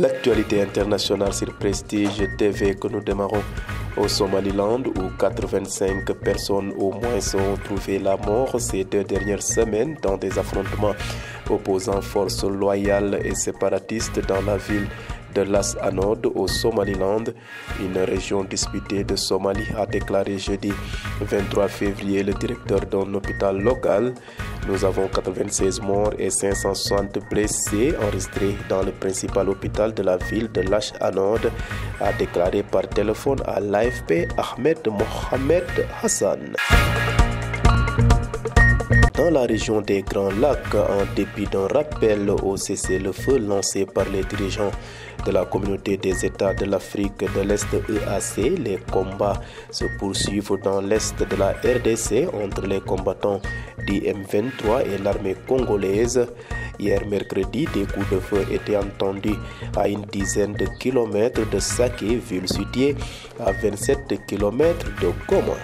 L'actualité internationale sur Prestige TV que nous démarrons au Somaliland où 85 personnes au moins ont trouvé la mort ces deux dernières semaines dans des affrontements opposant forces loyales et séparatistes dans la ville l'As à au Somaliland, une région disputée de Somalie, a déclaré jeudi 23 février le directeur d'un hôpital local. Nous avons 96 morts et 560 blessés enregistrés dans le principal hôpital de la ville de l'As à a déclaré par téléphone à l'AFP Ahmed Mohamed Hassan dans la région des Grands Lacs en dépit d'un rappel au cessez-le-feu lancé par les dirigeants de la communauté des États de l'Afrique de l'Est EAC. Les combats se poursuivent dans l'Est de la RDC entre les combattants du M23 et l'armée congolaise. Hier mercredi, des coups de feu étaient entendus à une dizaine de kilomètres de Saké, ville à 27 kilomètres de Goma.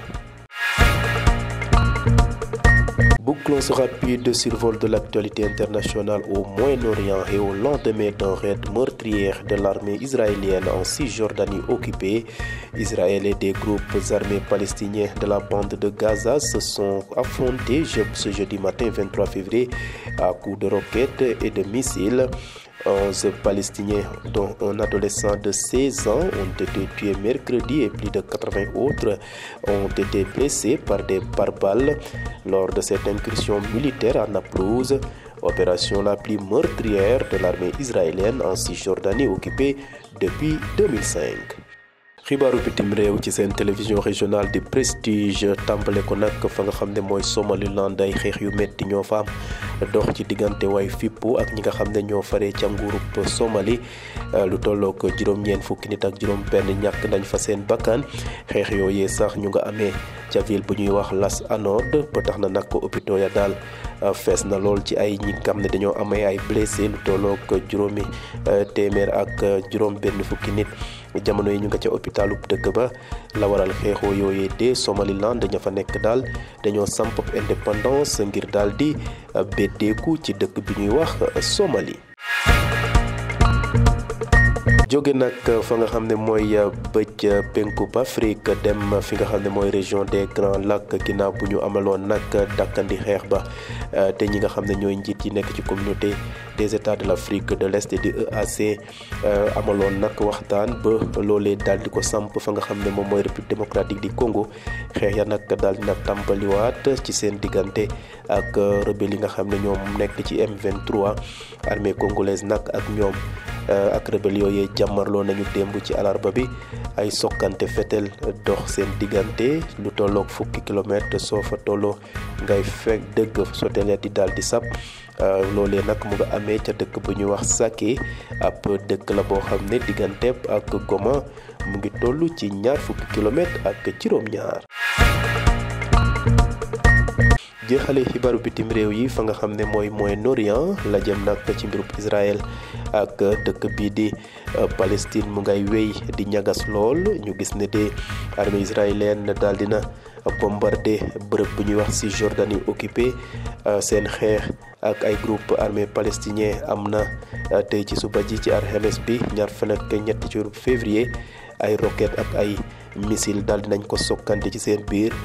Close rapide survol de l'actualité internationale au Moyen-Orient et au lendemain d'un raid meurtrière de l'armée israélienne en Cisjordanie occupée, Israël et des groupes armés palestiniens de la bande de Gaza se sont affrontés ce jeudi matin 23 février à coups de roquettes et de missiles. 11 Palestiniens, dont un adolescent de 16 ans, ont été tués mercredi et plus de 80 autres ont été blessés par des pare lors de cette incursion militaire à Naplouse, opération la plus meurtrière de l'armée israélienne en Cisjordanie occupée depuis 2005. télévision régionale prestige dox ci diggante way fippu ak ñi nga xam ne ñoo faree ca nguurub Somali euh, lu tollook juróom-ñeent fukki nit ak juróom-benn ñàkk nañ fa seen bakkan xeex yooyee sax ñu nga amee ca ville bu ñuy wax Las Anod ba tax na nag hôpitaux ya daal. fees na lool ci ay ñi nga ne dañoo amee ay blessé lu tollook juróomi euh, téeméer ak euh, juróom benn fukki nit jamono yi ñu nga ca hôpitalu dëkk ba la waral xeexoo yooyee de Somaliland dañoo fa nekk daal dañoo samp indépendance ngir daal di euh, beddeeku ci dëkk bi ñuy wax Somali jóge nag fa nga xam ne mooy euh, bëj euh, penkub Afrique dem fi nga xam ne mooy région des Grands Lacs ginnaaw bu ñu amaloon nag dàkkandi xeex ba euh, te ñi nga xam ne ñooy njiit yi nekk ci communauté des états de l' de lest Est di e amaloon nag waxtaan ba loolee daal di ko samp fa nga xam ne moom mooy République démocratique di Congo xeex ya nag daal di nag tàmbaliwaat ci seen diggante ak rebelle yi nga xam ne ñoom nekk ci M23 armée congolaise nag ak ñoom. Euh, ak rebelle yooyee jàmmarloo nañu démb ci alarba bi ay sokkante fetel dox seen diggante lu tolloog fukki kilomètre soo fa tolloo ngay fekk dëgg soteleet di daal di sab euh, loolee nag mu nga amee ca dëkk bu ñuy wax Saké ab dëkk la boo xam ne digganteeb ak Goma mu ngi toll ci ñaar fukki kilomètre ak juróom-ñaar jeexale xibaaru bitim réew yi fa nga xam ne mooy Moyen-Orient la jëm nag ci mbirub Israël ak dëkk bii di euh, Palestine mu ngay wéy di ñagas lool ñu gis ne de armée israélienne daal dina bombardé bërëb bu ñuy wax si Jordanie occupé euh, seen xeex ak ay groupe armé palestinien am na euh, tey ci suba ji ci alxames bi ñaar fan ak ñetti février ay roquette ak ay missile daal dinañ ko sokkante ci seen biir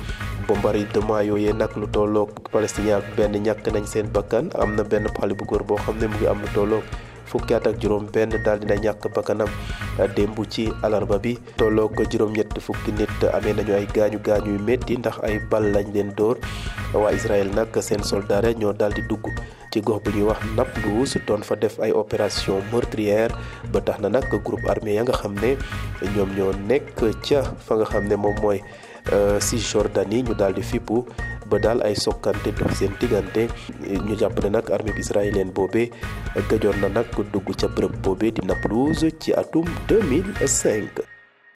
Bombari mbari dema yooyee nag lu tolloog palestinien ak benn ñàkk nañ seen bakkan am na benn xale bu góor boo xam ne mu ngi am lu tolloog fukki at ak juróom benn daal dina ñàkk bakkanam démb ci alarba bi tolloog juróom ñett fukki nit amee nañu ay gaañu gaañu yu métti ndax ay bal lañ leen door waa israël nag seen soldaare ñoo daal di dugg ci gox bu ñuy wax Nablus fa def ay opération meurtrière ba tax na nag groupe armé ya nga xam ne ñoom ñoo nekk ca fa nga xam ne moom mooy Euh, si Jordanie ñu daal di fippu ba daal ay sokkante dox seen diggante ñu jàpp ne nag armée bi israélienne boobee na nag dugg ca bërëb boobee di Naplouse ci atum 2005.